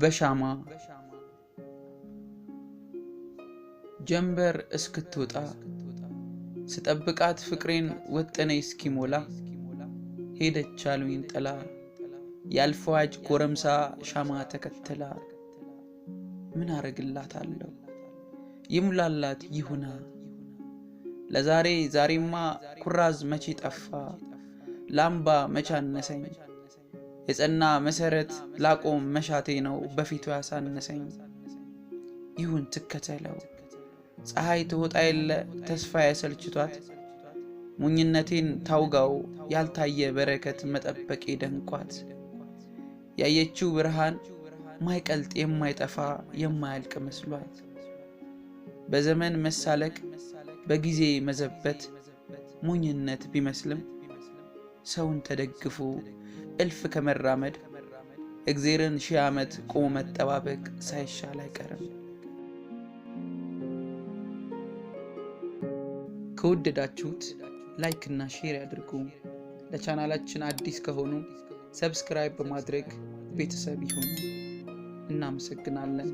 በሻማ ጀንበር እስክትወጣ ስጠብቃት ፍቅሬን ወጠነኝ እስኪሞላ ሄደች አሉኝ ጥላ ያልፈዋጅ ጎረምሳ ሻማ ተከትላ ምን አረግላት አለው ይሙላላት ይሁና ለዛሬ ዛሬማ ኩራዝ መቼ ጠፋ ላምባ መቻነሰኝ የጸና መሰረት ላቆም መሻቴ ነው በፊቱ ያሳነሰኝ። ይሁን ትከተለው ፀሐይ ትወጣ የለ ተስፋ ያሰልችቷት ሙኝነቴን ታውጋው ያልታየ በረከት መጠበቄ ደንቋት ያየችው ብርሃን ማይቀልጥ የማይጠፋ የማያልቅ መስሏት በዘመን መሳለቅ በጊዜ መዘበት ሞኝነት ቢመስልም ሰውን ተደግፉ እልፍ ከመራመድ እግዜርን ሺህ ዓመት ቆሞ መጠባበቅ ሳይሻል አይቀርም። ከወደዳችሁት ላይክ እና ሼር ያድርጉ። ለቻናላችን አዲስ ከሆኑ ሰብስክራይብ በማድረግ ቤተሰብ ይሁኑ። እናመሰግናለን።